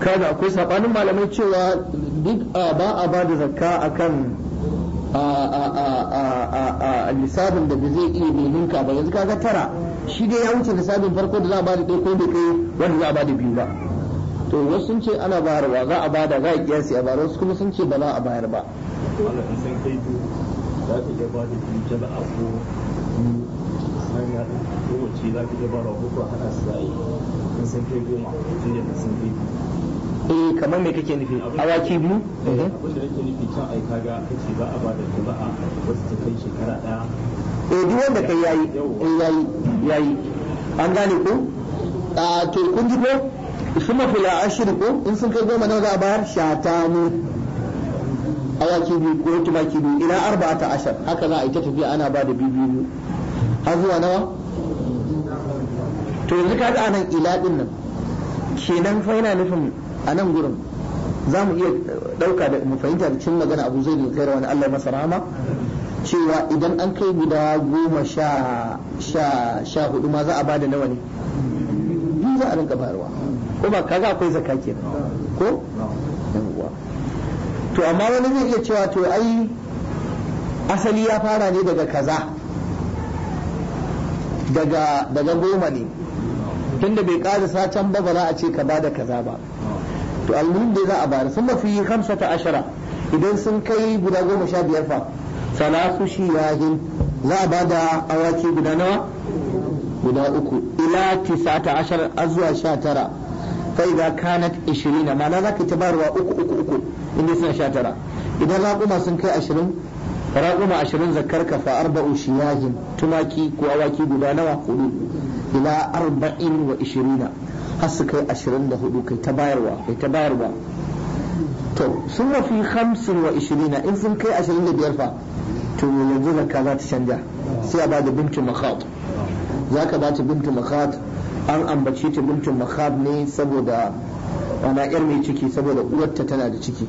kada akwai sabanin malamai cewa duk ba a ba da zakka akan lissafin da ba zai iya ninka ba yanzu kaga tara shi dai ya wuce lissafin farko da za a ba da ɗaya ko da wanda za a ba da biyu ba to wasu sun ce ana bayarwa za a bada za a kiyasi a bayarwa kuma sun ce ba za a bayar ba za in sun kai goma inda sun kai eh kamar me kake nufi awaki biyu mhm. abin da nake nufi can ai kaga kace ba a ba da jama'a wasu ta kai shekara daya eh duk wanda kai yayi eh yayi yayi an gane ko a to kun ji ko kuma fila ashir ko in sun kai goma nawa za a bayar shatanu awaki biyu ko tumaki biyu ila arba'ata ashar haka za a yi ta tafiya ana ba da biyu biyu har zuwa nawa to yanzu kaga anan ila din nan kenan fa yana nufin a nan gurin za mu iya ɗauka da mu fahimta da cin magana abu zai da kaira wani Allah masa rahama cewa idan an kai guda goma sha sha hudu ma za a bada nawa ne biyu za a rinka bayarwa ko ba kaga akwai zaka kenan ko to amma wani zai iya cewa to ai asali ya fara ne daga kaza daga daga goma ne tunda bai karisa can ba ba za a ce ka bada kaza ba to almuhim dai za a bada sun mafi hamsa ta ashara idan sun kai guda goma sha biyar fa ya shiyahin za a ba da awaki guda nawa guda uku ila tisata a azuwa sha tara fai ga kanat ishirina ma'ana za ka ta barwa uku uku uku inda suna sha tara idan raƙuma sun kai ashirin raƙuma ashirin zakar ka fa arba'u shiyahin tumaki ko awaki guda nawa hudu ila arba'in wa ishirina har su kai ashirin da hudu kai ta bayarwa kai ta bayarwa to sun mafi hamsin wa ishirina in sun kai ashirin da biyar fa to yanzu zakka za ta canja sai a ba da bintu makhat za ka ba ta bintu makhat an ambaci ta bintu makhat ne saboda ana yar mai ciki saboda uwarta tana da ciki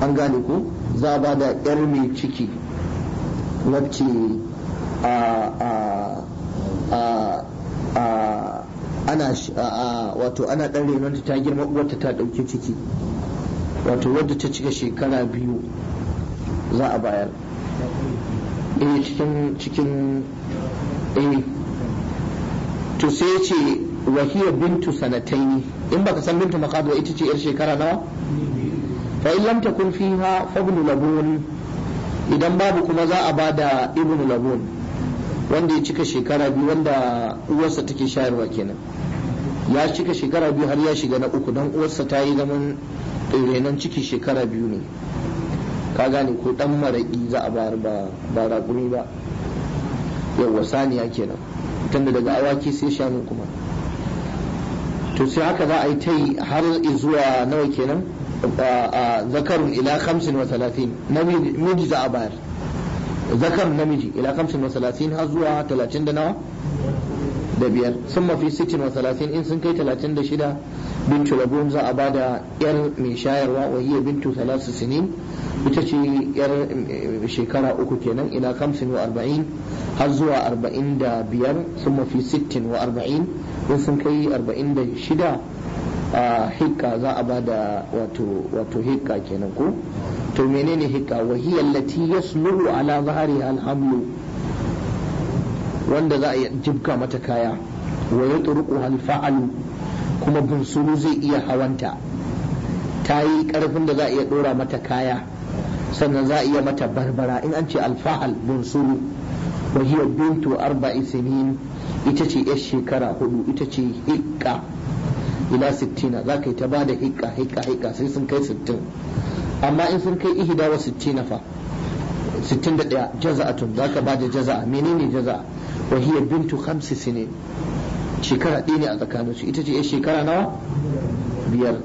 an gane ku za a ba da yar mai ciki wacce a ana wato ana dan renonta ta girma uwarta ta dauke ciki wato wadda ta cika shekara biyu za a bayar eh cikin cikin eh to sai ce wahiya bintu sanataini in baka san bintu makadu ita ce yar shekara nawa fa in lam takun fiha fa ibnu labun idan babu kuma za a bada ibnu labun wanda ya cika shekara biyu wanda uwarsa take shayarwa kenan ya cika shekara biyu har ya shiga na uku dan uwarsa ta yi zaman renon ciki shekara biyu ne ka gane ko dan maraƙi za a bayar ba ba raƙumi ba yawwa saniya kenan tunda daga awaki sai shanu kuma to sai haka za a yi ta yi har zuwa nawa kenan a zakarun ila talatin namiji za a bayar zakarun namiji ila talatin har zuwa talatin da nawa da biyar sun mafi sittin wa talatin in sun kai talatin da shida bintu labun za a bada yar mai shayarwa wa hiya bintu talasu sinin ita ce yar eh, shekara uku kenan ila kamsin wa arba'in har zuwa arba'in da biyar sun mafi sittin wa arba'in in sun kai arba'in da shida a hikka za a bada wato hikka kenan ko to menene hikka wa hiya allati yasluhu ala zahariha alhamlu wanda za a iya jibka mata kaya wa ya turuku halfa'alu kuma bunsuru zai iya hawanta ta yi karfin da za a iya dora mata kaya sannan za a iya mata barbara in an ce alfahal bunsuru wa hiya bintu arba'in sinin ita ce yar shekara hudu ita ce hikka ila sittina za ka yi ta bada hikka hikka hikka sai sun kai sittin amma in sun kai ihida wa sittina fa sittin da ɗaya jaza'atun za ka ba da jaza'a menene jaza'a wa hiya bintu khamsi sinin shekara ɗaya ne a tsakaninsu ita ce 'yar shekara nawa biyar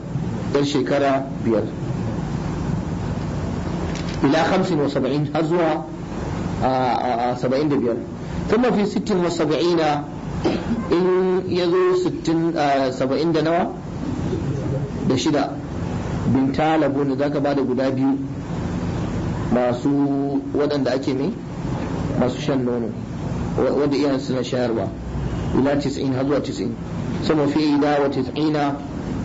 'yar shekara biyar ila hamsin wa har zuwa saba'in da biyar kuma fi sittin wa saba'ina in ya sittin saba'in da nawa da shida binta labun za bada guda biyu masu waɗanda ake mai masu shan nono wanda iyayen suna shayarwa ila ne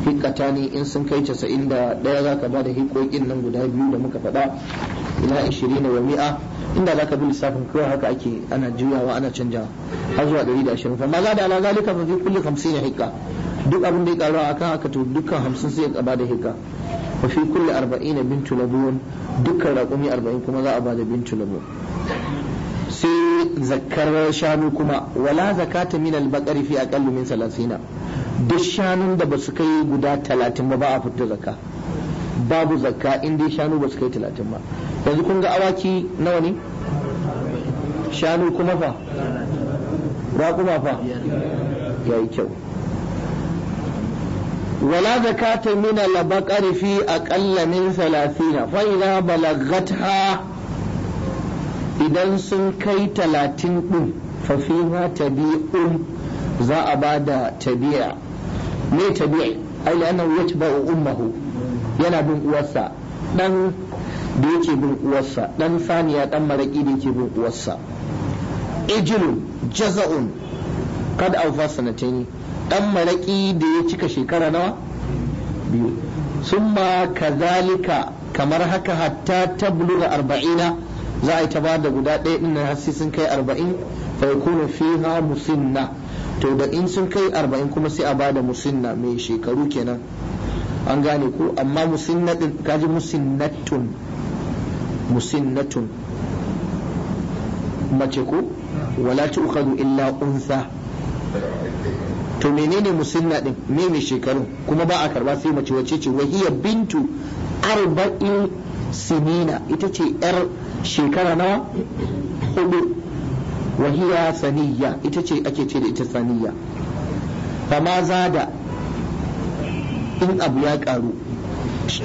in kai 91 za ka ba da bi lissafin kawai haka ake ana juyawa ana canja har zuwa 120 fa da duk abin da ya karuwa akan haka to dukkan hamsin sai ya da wa fi kulli 40 bintu labun dukkan raƙumi arba'in kuma za a ba da bintu labun sai zakkar shanu kuma wala zakata min al baqar fi aqallu min salasina duk shanun da basu kai guda 30 ba ba a fito zakka babu zakka in dai shanu basu kai 30 ba yanzu kun ga awaki nawa ne shanu kuma fa raƙuma fa yayi kyau ولا زكاة من البقر في أقل من ثلاثين فإذا بلغتها idan sun kai talatin ɗin fafiha tabi'un za a ba da tabi'a me tabi'i ai lana wacce ba ummahu yana bin uwarsa dan da yake bin uwarsa dan saniya dan maraƙi da yake bin uwarsa ijilun jaza'un kada kad aufa sanataini dan maraƙi da ya cika shekara nawa biyu summa kazalika kamar haka hatta tabluga arba'ina za a yi ta ba da guda ɗaya ɗin nan sai sun kai arba'in faikuna fi fiha musinna to da in sun kai arba'in kuma sai a ba da musinna mai shekaru kenan an gane ko amma musinna ɗin kaji musinnatun musinnatun mace ko wala tu'khadhu illa unsa to menene musinna din me mai shekaru kuma ba a karba sai mace wace ce wahiyar bintu arba'in sinina ita ce yar shekara nawa hudu wahiya saniya ita ce ake ce da ita saniya fama da in abu ya karu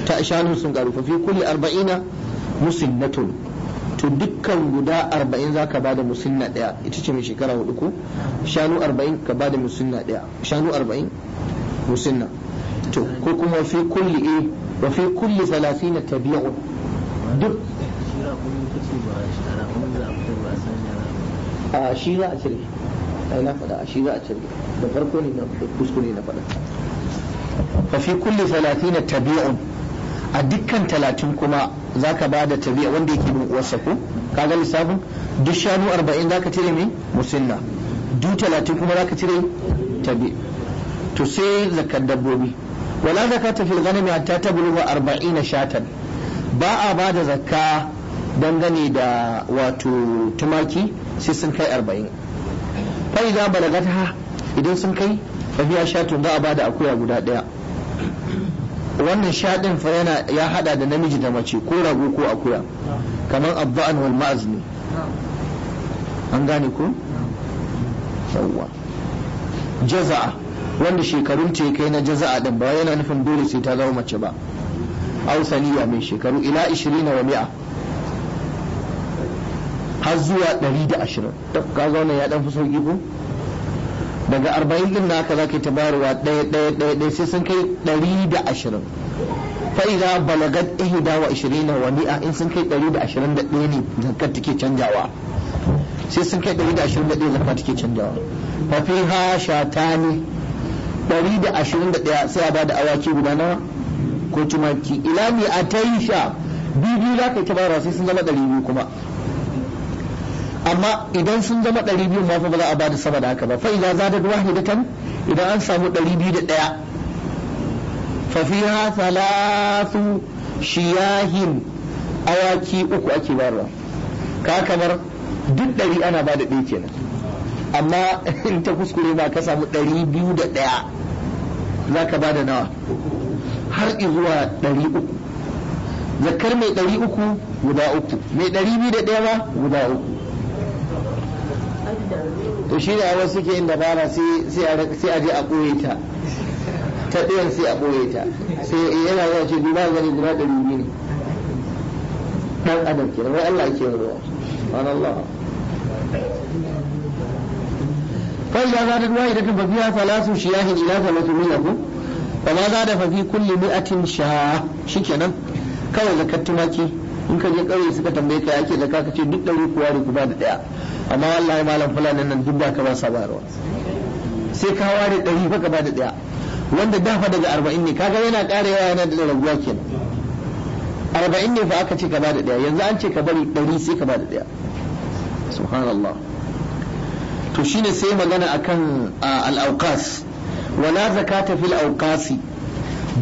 ta shanu sun karu fa fi kulli arba'ina musinnatun to dukkan guda arba'in za ka bada musinna daya ita ce mai shekara hudu ko shanu arba'in ka bada musinna daya shanu arba'in musinna to ko kuma fi kulli e wa fi kulli salatina tabi'un duk a shi za a cire ai na faɗa a shi za a cire da farko ne na kuskure na faɗa fa fi kulli salatina tabi'un a dukkan talatin kuma za ka ba da tabi'a wanda yake bin uwarsa ko kaga lissafin duk shanu arba'in za ka cire mai musinna duk talatin kuma za ka cire tabi to sai zakar dabbobi wala zakata fil ghanami hatta tablugha arba'ina shatan ba a ba da zakka dangane da wato tumaki sai sun kai arba'in fa'iza balagata idan sun kai biya tun za a bada akuya guda ɗaya wannan shaɗin fa yana ya hada da namiji da mace ko rago ko akuya kamar abba'an wal ne an gane ku. yawwa jaza'a wanda shekarun ce kai na jaza'a din ba yana nufin dole sai ta zama mace ba ausaniya mai shekaru ila 20 wa mi'a har zuwa 120 ka zauna ya dan fi sauki ko daga 40 din naka zaka ta bayarwa ɗaya ɗaya ɗaya ɗaya sai sun kai 120 fa fa'iza balagat ihda wa 20 wa mi'a in sun kai 121 ne zakar take canjawa sai sun kai 121 zakka take canjawa fa fi ha shatani 121 sai a bada awaki guda nawa ko tumaki ilami mi ataisha bibi za ka yi sai sun zama 200 kuma amma idan sun zama ɗari biyu ma ba za a ba da sama da haka ba fa da zadat wahidatan idan an samu ɗari biyu da ɗaya fa fiha thalathu shiyahin awaki uku ake bayarwa ka kamar duk ɗari ana ba da ɗaya kenan amma in ta kuskure ba ka samu ɗari biyu da ɗaya za ka ba da nawa har zuwa ɗari uku zakar mai ɗari uku guda uku mai ɗari biyu da ɗaya ba guda uku to shi da wasu ke yin dabara sai a je a ɓoye ta ta ɗiyan sai a ɓoye ta sai yana zuwa ce duba gani guda ɗari biyu ne ɗan adam ke wai Allah ke ruwa wani Allah kai ya zata duwa idan tun fafiya falasu shi ya hijira ya milahu ba ma za da fafi kulli mi'atin sha shi kawai zakat tumaki in ka je ƙauye suka tambaye ka yake da ka ce duk ɗari kuwa da ku ba da ɗaya amma wallahi malam fulani nan duk da ka ba sa bayarwa sai ka ware ɗari fa ka bada ɗaya wanda dafa daga arba'in ne kaga yana ƙarewa yana da raguwa kenan arba'in ne fa aka ce ka bada ɗaya yanzu an ce ka bari ɗari sai ka bada ɗaya subhanallah to shine sai magana akan al-awqas wala zakata fil awqasi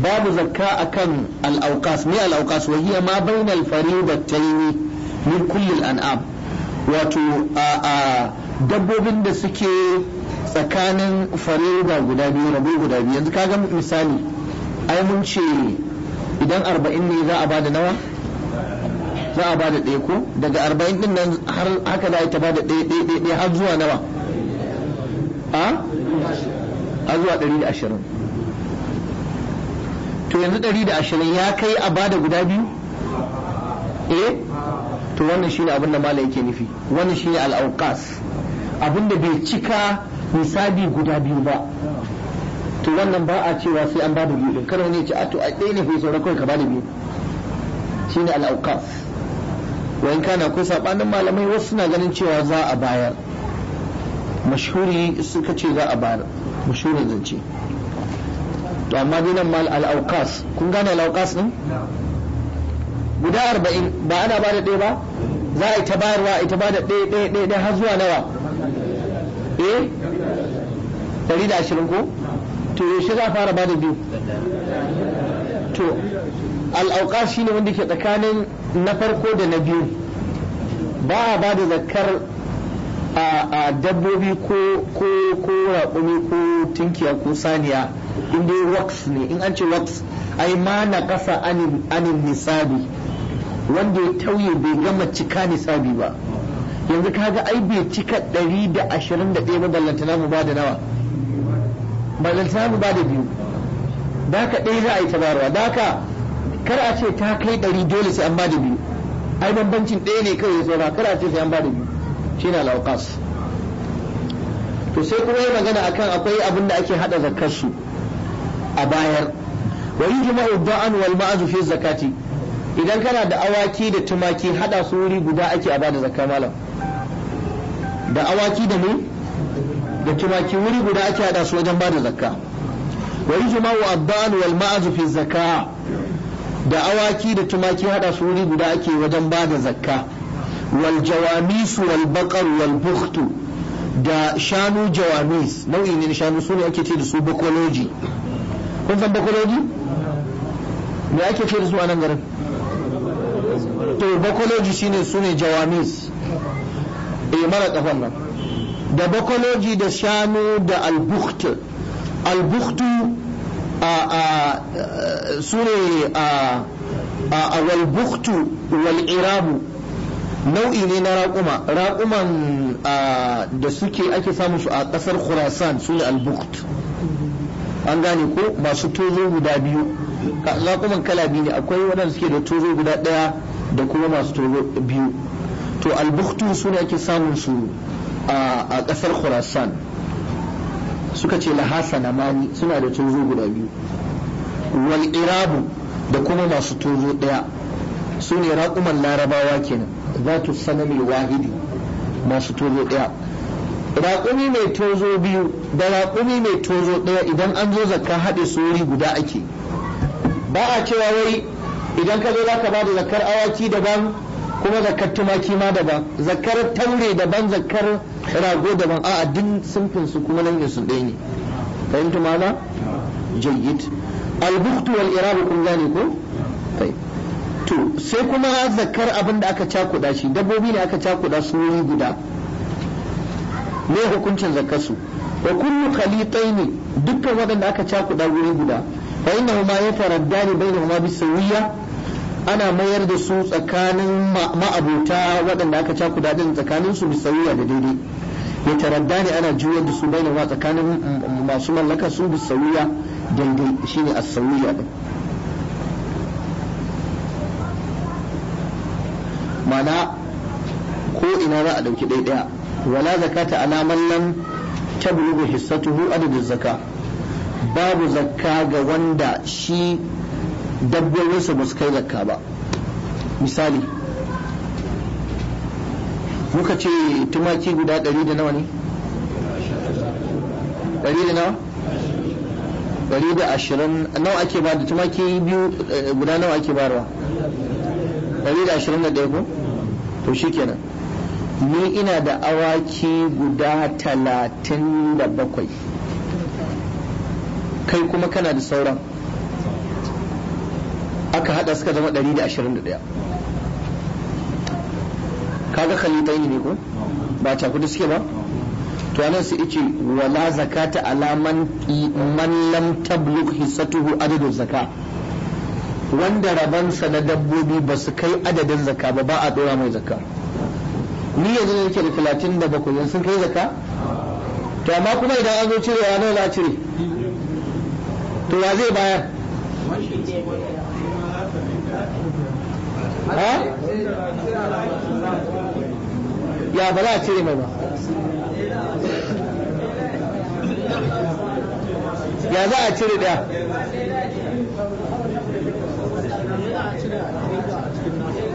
babu zakka akan al-awqas me al-awqas wa hiya ma bainal fariidatayn min kulli al-an'am wato a dabbobin da suke tsakanin farida guda biyu rabo guda biyu yanzu kaga misali ai mun ce idan arba'in ne za a bada nawa za a bada ɗaya ko daga arba'in din nan har haka za a ta bada ɗaya ɗaya ɗaya har zuwa nawa a har zuwa ɗari da ashirin to yanzu ɗari da ashirin ya kai a bada guda biyu eh to wannan shine abin da malam yake nufi wannan shine al-awqas abin da bai cika misabi guda biyu ba to wannan ba a cewa sai an bada biyu din kada wani ya ce a to a ɗaya ne fa sauran kawai ka bada biyu shine al-awqas wa kana ko sabanin malamai wasu suna ganin cewa za a bayar mashhuri suka ce za a bayar mashhuri zance to amma dinan mal al-awqas kun gane al-awqas din guda arba'in ba ana ba da ɗaya ba za a yi ta bayarwa a yi ta ba da ɗaya ɗaya ɗaya ɗaya har zuwa nawa eh ɗari da ashirin ko to yaushe za a fara ba da biyu to al'auka shi ne wanda ke tsakanin na farko da na biyu ba a ba da zakar a dabbobi ko ko ko raƙumi ko tunkiya ko saniya in dai wax ne in an ce wax ai ma na ƙasa anin nisabi wanda ya tauye bai gama cika nisabi ba yanzu ka ga ai bai cika ɗari da ashirin da ɗaya ballantana mu ba da nawa ballantana mu ba da biyu da ka ɗaya za a yi tabarwa da ka kar a ce ta kai ɗari dole sai an ba da biyu ai bambancin ɗaya ne kawai ya saura kar a ce sai an ba da biyu shi na laukas to sai kuma yi magana akan akwai abin da ake haɗa zakarsu a bayar wa yi jima'u da'an wal ma'azu fi zakati idan kana da awaki da tumaki hada su wuri guda ake a bada zakka malam da awaki da mu da tumaki wuri guda ake hada su wajen bada zakka wa yujma'u abban wal ma'az fi zakka da awaki da tumaki hada su wuri guda ake wajen bada zakka wal jawamis wal baqar wal bukhtu da shanu jawamis nau'i ne na shanu sune ake ce da su bakoloji kun san bakoloji me ake ce da su a nan garin to bakoloji shine su ne jawamis e mara kafan nan da bakoloji da shanu da albukt albuktu a a su ne a a wal wal'irabu nau'i ne na raƙuma raƙuman da suke ake samu su a ƙasar khurasan su ne albukt an gane ko masu tozo guda biyu zakuman kala biyu ne akwai waɗanda suke da tozo guda ɗaya da kuma masu tozo biyu to albuktu su ne ake samun su a ƙasar khurasan suka ce lahasa na mani suna da tozo guda biyu wal irabu da kuma masu tozo ɗaya su ne raƙuman larabawa kenan za tu sanami wahidi masu tozo ɗaya raƙumi mai tozo biyu da raƙumi mai tozo ɗaya idan an zo zakka haɗe su wuri guda ake ba a cewa wai idan ka zo za ka da zakar awaki daban kuma zakar tumaki ma daban zakar taure daban zakar rago daban a'a duk sunfin su kuma nan su ɗaya ne fahimta mana jayyid albuktu wal irabu kun gane ko to sai kuma zakar abin da aka cakuɗa shi dabbobi ne aka cakuɗa su yi guda me hukuncin zakar su wa kullu khalitaini dukkan waɗanda aka cakuɗa guri guda fa innahu bai yataraddani bainahuma bisawiyya ana mayar da su tsakanin ma'abuta waɗanda aka cakuda din tsakanin su bi bisawiyya da daidai ya taradda ne ana juyar da su bai wa tsakanin masu mallaka su bi bisawiya daidai shine asawiya din mana ko ina za a ɗauki ɗaya wala zakata ala man lam tablughu hissatuhu adadin zaka babu zakka ga wanda shi dabbobinsa ba su kai zakka ba misali muka ce tumaki guda ɗari da nawa ne ɗari da nawa ɗari da ashirin nawa ake ba da tumaki biyu eh, guda nawa ake barwa ɗari da ashirin da ɗaya ko to shi kenan ni ina da awaki guda talatin da bakwai kai kuma kana da sauran aka hada suka zama 121 kaga khalitai ne ko ba ta kudu suke ba to anan su yake wala zakata ala man man lam tabluq hissatuhu adadu zaka wanda rabansa na dabbobi ba su kai adadin zaka ba ba a dora mai zaka ni yanzu yake da 37 sun kai zaka to amma kuma idan an zo cire nawa nola cire to ya ba za a cire mai ba ya za a cire daya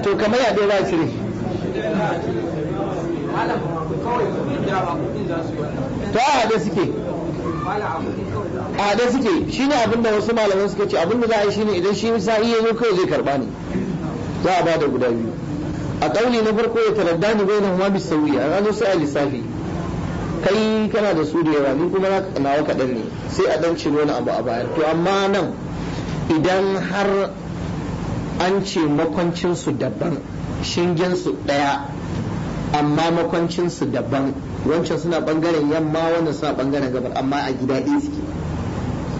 to kamar ya za a cire to a haɗe suke a da suke shi ne abin wasu malaman suka ce abin za a yi shi ne idan shi nisa iya zo kawai zai karba ne za a bada guda biyu a ƙauni na farko ya taradda ni bai na huma bi sauri a sai a lissafi kai kana da su da yawa ni kuma nawa kaɗan ne sai a ɗan ciro wani abu a bayar to amma nan idan har an ce makwancinsu daban shingensu ɗaya amma makwancinsu daban wancan suna bangaren yamma wannan suna bangaren gabar amma a gida ɗaya suke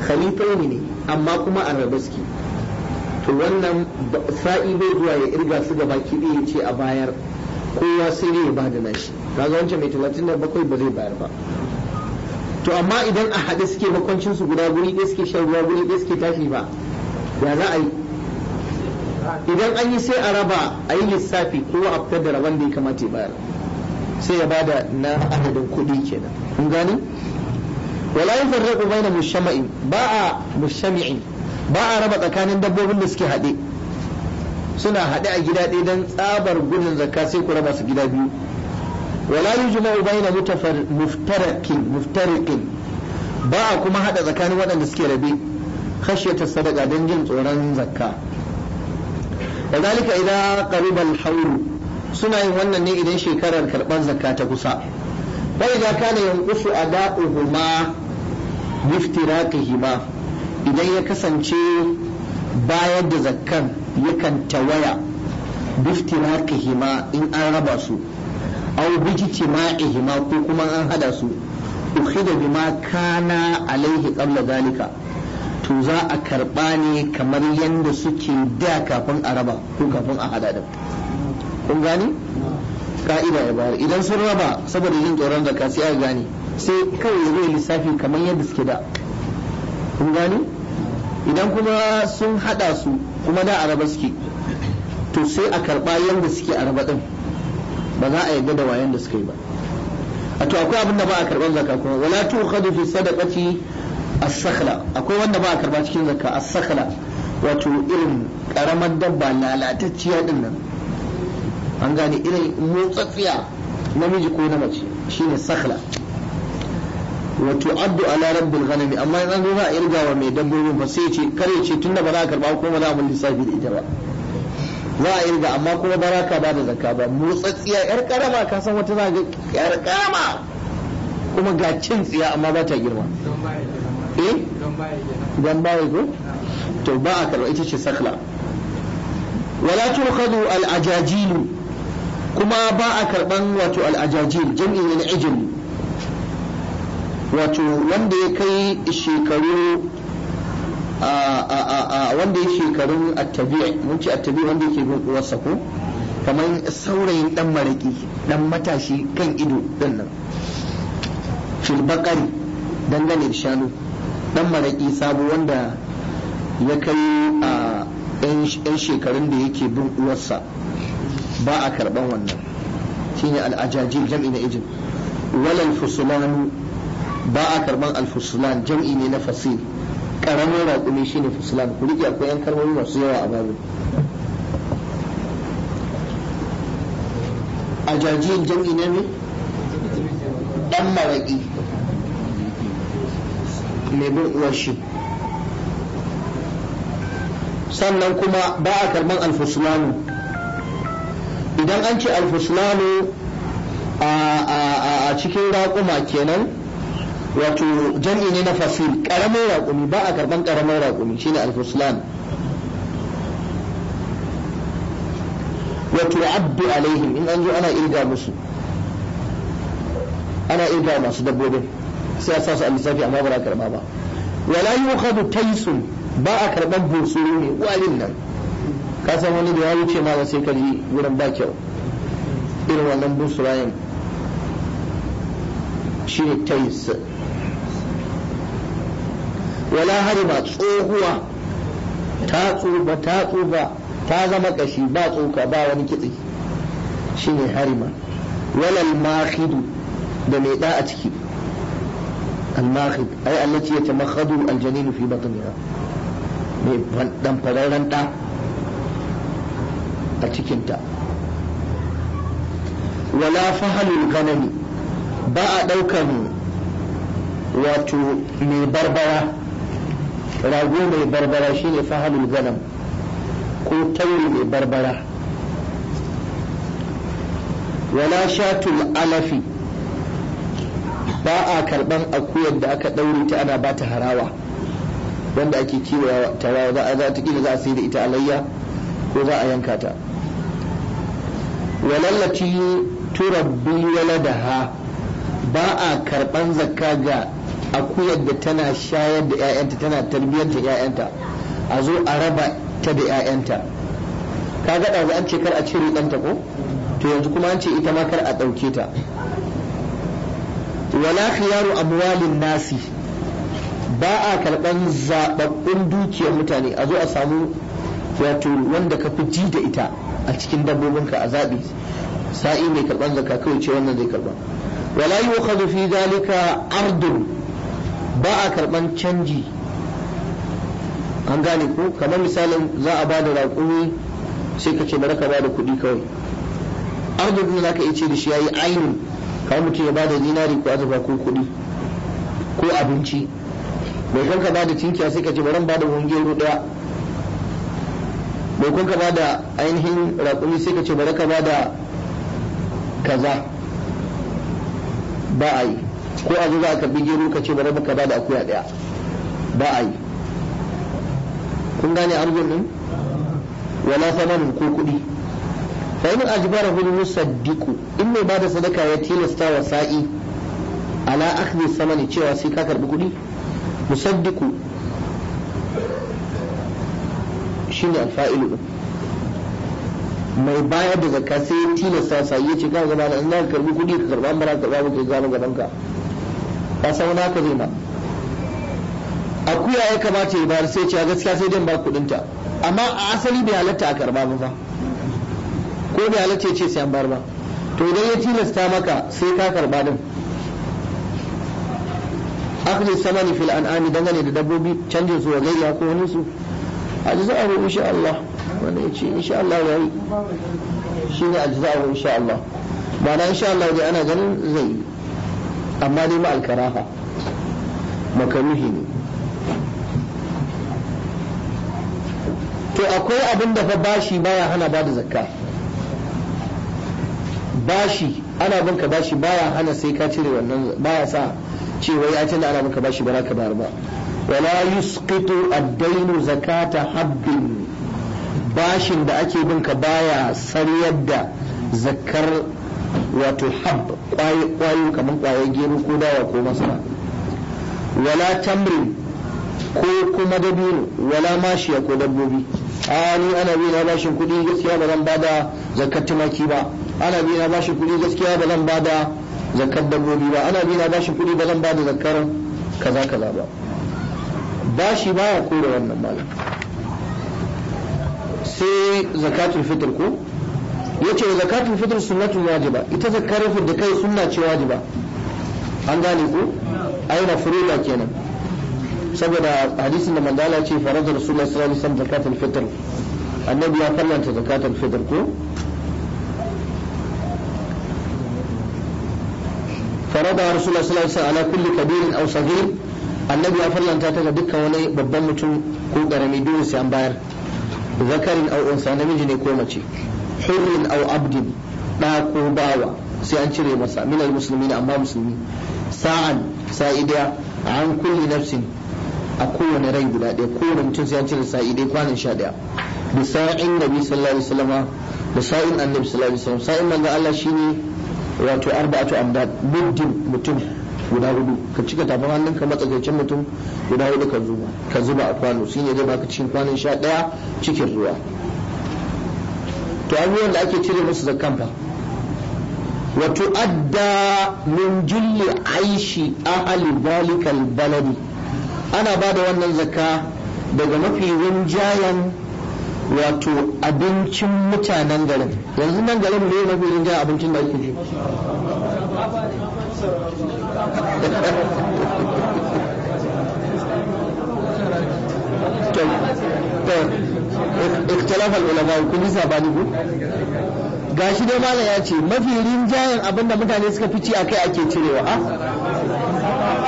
khalifai ne amma kuma a rabe suke to wannan sa'i bai zuwa ya irga su gaba ɗaya ya ce a bayar kowa sai ne ya bada nashi kaga wancan mai talatin da bakwai ba zai bayar ba to amma idan a haɗe suke makwancin su guda guri ɗaya suke shan ruwa guri ɗaya suke tashi ba ya za a yi idan an yi sai a raba a yi lissafi kowa a fitar da raban da ya kamata ya bayar sai ya bada na adadin kuɗi kenan kun gane wala yufarraqu baina mushama'in ba a mushami'in ba a raba tsakanin dabbobin da suke haɗe suna haɗe a gida ɗaya don tsabar gudun zakka sai ku raba su gida biyu wala yujma'u baina muftariqin muftariqin ba a kuma haɗa tsakanin waɗanda suke rabe khashyata sadaka don jin tsoron zakka وذلك إذا قرب الحول suna yin wannan ne idan shekarar karɓar zakka ta kusa bai da kana yankusu a da'uhuma hima idan ya kasance bayar da zakkan yakan tawaya hima in an raba su aw hima ko kuma an hada su ukhida bima kana alaihi qabla zalika to za a karba ne kamar yadda suke da kafin a raba ko kafin a hada da kun gani ka'ida ya bayar idan sun raba saboda yin tsoron zakka sai a gane sai kawai ya zai lissafi kamar yadda suke da kun gani idan kuma sun hada su kuma da araba suke to sai a karba yadda suke araba din ba za a yarda da wayan da suka yi ba a to akwai abin da ba a karban zakka kuma wala tukhadu fi sadaqati as-sakhla akwai wanda ba a karba cikin zakka as-sakhla wato irin karamar dabba lalatacciya din nan an gane irin motsafiya namiji ko na mace shine sakla. wa tu'addu ala rabbil ghanami amma in an a irga wa mai dabbobin ba sai ce kare ce tunda ba za a karba ko ba za a mun lissafi da ita ba za a irga amma kuma baraka ba da zakka ba motsatsiya yar karama ka san wata za ga yar karama kuma ga cin tsiya amma ba ta girma eh dan baya ko to ba a karba ita ce sakla. wala turqadu al ajajilu kuma ba a karban wato al'ajajir jam'i ne na wato wanda ya kai shekaru a wanda ya shekarun attabi mun ce attabi wanda yake bin uwarsa ko kamar saurayin dan maraki dan matashi kan ido din nan fil bakari dangane da shanu dan maraki sabo wanda ya kai a 'yan shekarun da yake bin uwarsa ba a karban wannan shine al'ajajil jam'i na ijin walal fusulanu ba a karban alfusulan jam'i ne na fasil karamin raƙumi shine fusulan ku riƙe akwai yan kalmomi masu yawa a babu ajajil jam'i na ne dan maraƙi mai bin uwar shi sannan kuma ba a karban alfusulanu idan an ce alfuslanu a cikin raƙuma kenan wato jam'i ne na fasil ƙaramin raƙumi ba a karɓan ƙaramin raƙumi shi ne alfuslan wato abdu alaihim in an zo ana irga musu ana irga masu dabbobin sai a sasu a lissafi amma ba a karɓa ba wala yi taisun ba a karɓan bunsuru ne walin nan ka san wani da ya wuce ma sai ka ji wurin ba kyau irin wannan busurayen shi ne tais wala harima tsohuwa ta tsufa ta tsufa ta zama kashi ba tsoka ba wani kitse shi ne harima walal mahidu da mai da a ciki Al-mahidu. الماخذ أي التي يتمخض الجنين في بطنها dan fararren ɗa a cikinta wala fahalul ganami ba a ɗaukan wato mai barbara rago mai barbara shine fahalul ganam ko tauri mai barbara wala shatul alafi ba a karban akuyar da aka ɗaure ta ana ba ta harawa wanda ake kiwa ta za a za ta za a sai da ita alayya ko za a yanka ta walallati turabbi waladaha ba a karban zakka ga akuyar da tana shayar da 'ya'yanta tana tarbiyyar da 'ya'yanta a zo a raba ta da 'ya'yanta ka ga ɗazu an ce kar a cire ɗanta ko to yanzu kuma an ce ita ma kar a ɗauke ta wala khiyaru amwalin nasi ba a karɓan zaɓaɓɓun dukiyar mutane a zo a samu wato wanda ka fi ji da ita a cikin dabbobinka a zabi sa'i mai karban zakka kai ce wannan zai karba wala yukhadhu fi zalika ardun ba a karban canji an gane ko kamar misalin za a bada raƙumi sai ka ce bari ka bada kuɗi kawai ardun ne zaka iya ce da shi yayi ainin kamar mutum ya bada dinari ko azaba ko kuɗi ko abinci bai kan ka bada cinkiya sai ka ce bari da wangero ɗaya bai kun ka da ainihin raƙumi sai ka ce bari ka da kaza ba a yi ko a zo za a karbi gero ka ce bari ka da akuya ɗaya ba a yi kun gane arzikin ɗin wala samanin ko kuɗi fa in ajbara hu musaddiqu in mai bada sadaka ya tilasta wa sa'i ala akhdhi samani cewa sai ka karbi kuɗi musaddiqu shine alfa'ilu mai bayar da zakka sai ya tilasta sa ya ce ka gaba da in ka karbi kuɗi ka karba mara karba ba ka gaba gaban ka ba sa wani haka zai A akuya ya kamata ya bayar sai ce gaskiya sai dan ba kuɗin ta amma a asali bai halatta a karba ba ko bai halatta ya ce sai an bayar ba to idan ya tilasta maka sai ka karba din akhli samani fil an'ami dangane da dabbobi canjin su wa gayya ko wani su ajza'u insha Allah wanda yace insha Allah yayi shine ajza'u insha Allah ba na insha Allah dai ana ganin zai amma dai ma alkaraha makaruhi ne to akwai abin da fa bashi baya hana bada zakka bashi ana ka bashi baya hana sai ka cire wannan baya sa cewa ya tunda ana ka bashi ba za ka bayar ba wala yusqitu ad-dainu zakata habbin bashin da ake bin ka baya sariyar da zakar wato hab kwayoyin kamar kwayoyin gero ko dawa ko masara wala tamrin ko kuma dabino wala mashiya ko dabbobi a ni ana bi na bashin kuɗi gaskiya ba zan bada zakar tumaki ba ana bi na bashin kuɗi gaskiya ba zan bada zakar dabbobi ba ana bi na bashin kuɗi ba zan bada zakar kaza kaza ba bashi baya kore wannan malam sai zakatul fitr ko yace zakatul fitr sunnatun wajiba ita zakar da kai sunna ce wajiba an gane ko aina mafruda kenan saboda hadisin da mandala ce faradar rasulullah sallallahu alaihi wasallam zakatul fitr annabi ya farlanta zakatul fitr ko فرضها رسول الله صلى الله عليه وسلم على كل كبير أو صغير annabi ya farlanta ta ga dukkan wani babban mutum ko karami dole sai an bayar zakarin au unsa namiji ne ko mace hurrin au abdin da ko bawa sai an cire masa minal musulmi amma musulmi sa'an sa'ida an kulli nafsin a kowane rai guda ɗaya kowane mutum sai an cire sa'idai kwanan sha ɗaya da sa'in nabi sallallahu alaihi wasallam da sa'in annabi sallallahu alaihi wasallam sa'in manzo Allah shine wato arba'atu amdad buddin mutum guda hudu ka cika tafin ka matsakaicin mutum guda hudu ka zuba ka zuba a kwano shi ne zai baka cikin kwanon sha daya cikin ruwa to abubuwan da ake cire musu zakkan fa wato adda min julli aishi ahli zalikal baladi ana ba da wannan zakka daga mafi rinjayen wato abincin mutanen garin yanzu nan garin ne mafi rinjayen abincin da ake ji ikhtilaf al-ulama kun ji sabani ku gashi dai malam ya ce mafi rinjayen abinda mutane suka fi ci akai ake cirewa a ah,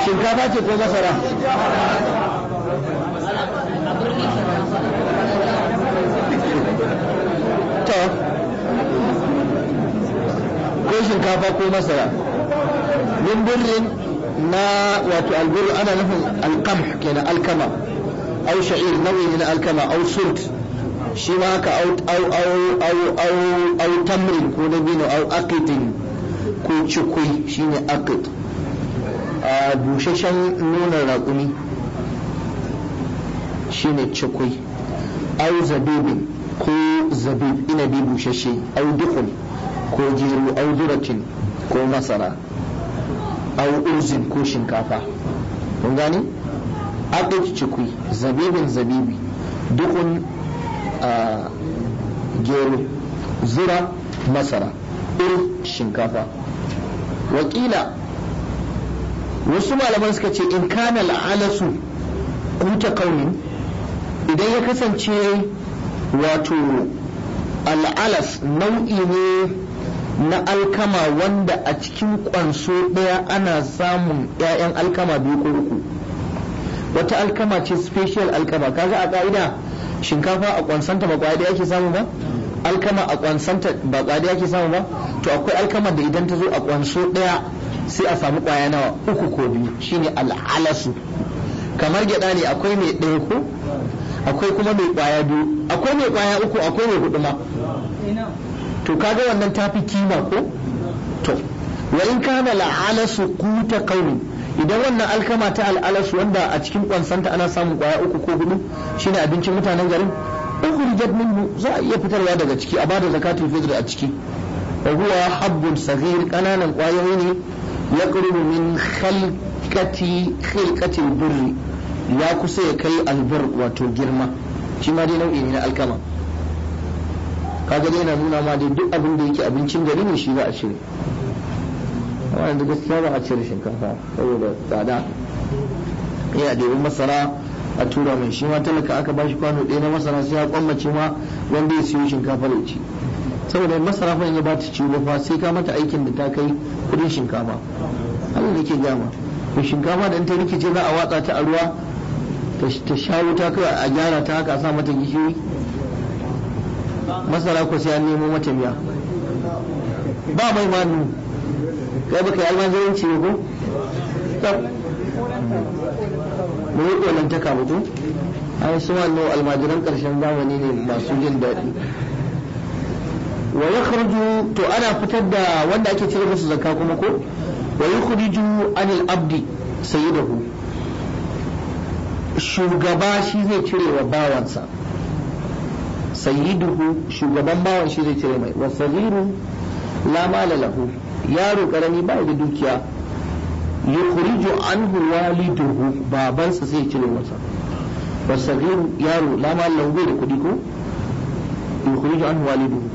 shinkafa ce ko masara Ta. ko shinkafa ko masara min birrin na wato albir ana nufin alqamh na alkama au sha'ir nau'i na alkama au surt shi ma haka au tamrin ko dabino au aqidin ko shi ne aqid a bushashen nuna raƙumi ne cikui au zabibin ko zabib inabi bushashe au dukun ko jeru au duratin ko masara au uzin ko shinkafa kun gane aqiq cikui zabibin zabibi dukun gero zura masara ir shinkafa wakila wasu malaman suka ce in kana la'alasu kuta kaunin idan ya kasance wato al'alas nau'i ne na alkama wanda a cikin kwanso ɗaya ana samun 'ya'yan alkama biyu ko uku wata alkama ce special alkama kaga a ka'ida shinkafa a kwansanta ba kwaya ake samu ba alkama a kwansanta ba kwaya ake samu ba to akwai alkama da idan ta zo a kwanso ɗaya sai a samu kwaya nawa uku ko biyu shine al'alasu kamar gyada ne akwai mai ɗaya ko akwai kuma mai kwaya biyu akwai mai kwaya uku akwai mai hudu ma to kaga wannan tafi kima ko to wa in kana ala sukuta qawli idan wannan alkama ta al'alas wanda a cikin kwansanta ana samun kwaya uku ko hudu shine abincin mutanen garin ukhrijat minhu za a iya fitarwa daga ciki a bada zakatul fitr a ciki wa huwa habbun saghir kananan kwayoyi ne yaqrubu min khalqati khilqatil ya kusa ya kai albur wato girma shi ma dai nau'i ne na alkama kaga dai yana nuna ma dai duk abin da yake abincin gari ne shi za a cire amma yanzu gaskiya ba a cire shinkafa saboda tsada yana ɗebin masara a tura mai shi ma talaka aka bashi kwano ɗaya na masara sai ya kwammace ma wanda ya siyo shinkafa da ci saboda masara fa ya bata ci lafa fa sai ka mata aikin da ta kai kudin shinkafa Allah nake gama ko shinkafa da ta rikice za a watsa ta a ruwa ta shawo ta kai a gyara ta haka a sa mata gishiri masara ko sai an nemo mata miya ba mai manu kai baka yi almajiranci ne ko mu yi kolantaka mutum ai su wannan almajiran karshen zamani ne masu jin daɗi wa yakhruju to ana fitar da wanda ake cire musu zakka kuma ko wa yukhriju anil abdi sayyidahu shugaba shi zai cire wa bawansa sayyiduhu shugaban bawan shi zai cire mai wa saghiru la mala lahu yaro karami ba da dukiya yukhriju anhu waliduhu babansa sai cire masa wa saghiru yaro la mala lahu bai da kudi ko yukhriju anhu waliduhu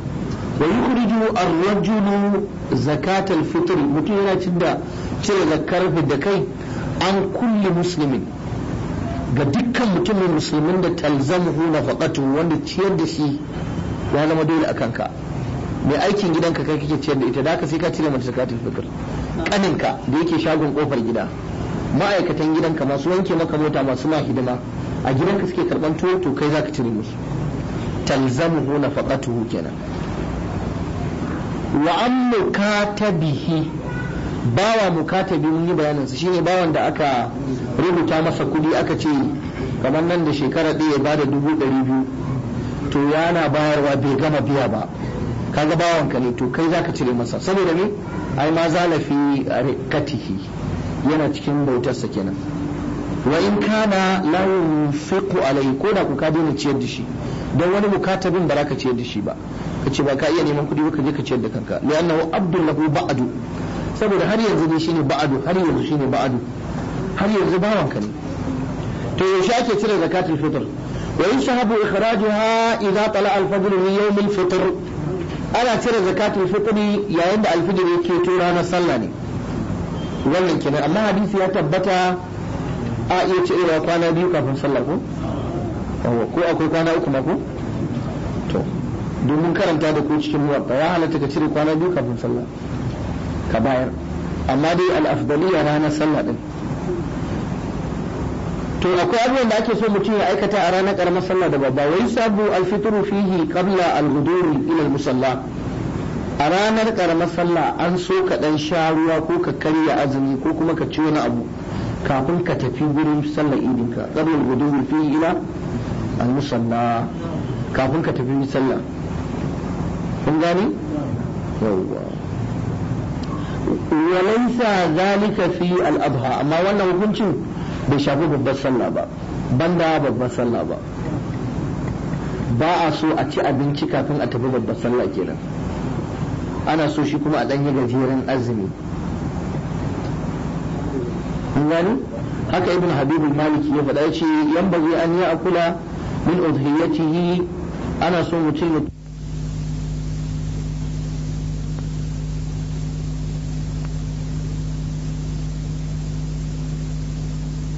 wa yukhriju ar-rajulu zakatal fitr mutum yana da cire zakar da kai an kulli muslimin ga dukkan mutumin musulmin da talzamuhu faƙatu wanda ciyar da shi ya zama dole a kanka mai aikin gidanka kai kake ciyar da ita da haka sai ka cire mata zakatul fitr kaninka da yake shagon kofar gida ma'aikatan gidanka masu wanke maka mota masu ma hidima a gidanka suke karban tuwo to kai zaka cire musu talzamuhu faƙatu kenan wa ka tabihi bawa katabi mun yi bayanin shi shine bawan da aka rubuta masa kudi aka ce kamar nan da shekara ɗaya ya bada dubu ɗari biyu to yana bayarwa bai gama biya ba kaga bawan ka ne to kai zaka cire masa saboda me ai ma zalafi katihi yana cikin bautarsa kenan wa in kana la yunfiqu alai ko da ku ka dena ciyar da shi don wani bukatabin ba za ka ciyar da shi ba ka ba ka iya neman kuɗi ba ka je ka ciyar da kanka li'annahu abdul lahu ba'du saboda har yanzu ne shine ba'adu har yanzu shine ba'adu har yanzu bawan ka ne to yaushe ake cire zakatul fitr wa yushabu ikhrajuha idza tala al-fajr min yawm al-fitr ana cire zakatul fitr yayin da al-fajr yake to ranar sallah ne wannan kenan amma hadisi ya tabbata a iya ce cirewa kwana biyu kafin sallah ko ko akwai kwana uku ma ko to domin karanta da ku cikin muwatta ya halatta ka cire kwana biyu kafin sallah ka bayar amma dai al'afdaliya ranar sallah din to akwai abubuwan da ake so mutum ya aikata a ranar karamar sallah da babba wai sabu alfitru fihi qabla alghuduri ila musalla a ranar karamar sallah an so ka dan sha ruwa ko ka karya azumi ko kuma ka ci wani abu kafin ka tafi gurin sallar ka qabla alghuduri fihi ila almusalla kafin ka tafi sallah kun gani yawwa walaisa zalika fi al'abha amma wannan hukuncin bai shafi babbar sallah ba banda babbar sallah ba ba a so a ci abinci kafin a tafi babbar sallah kenan ana so shi kuma a ɗanyi gajeren azumi gani haka ibn habibul maliki ya faɗa ce yan bazai an ya akula min udhiyatihi ana so mutum ya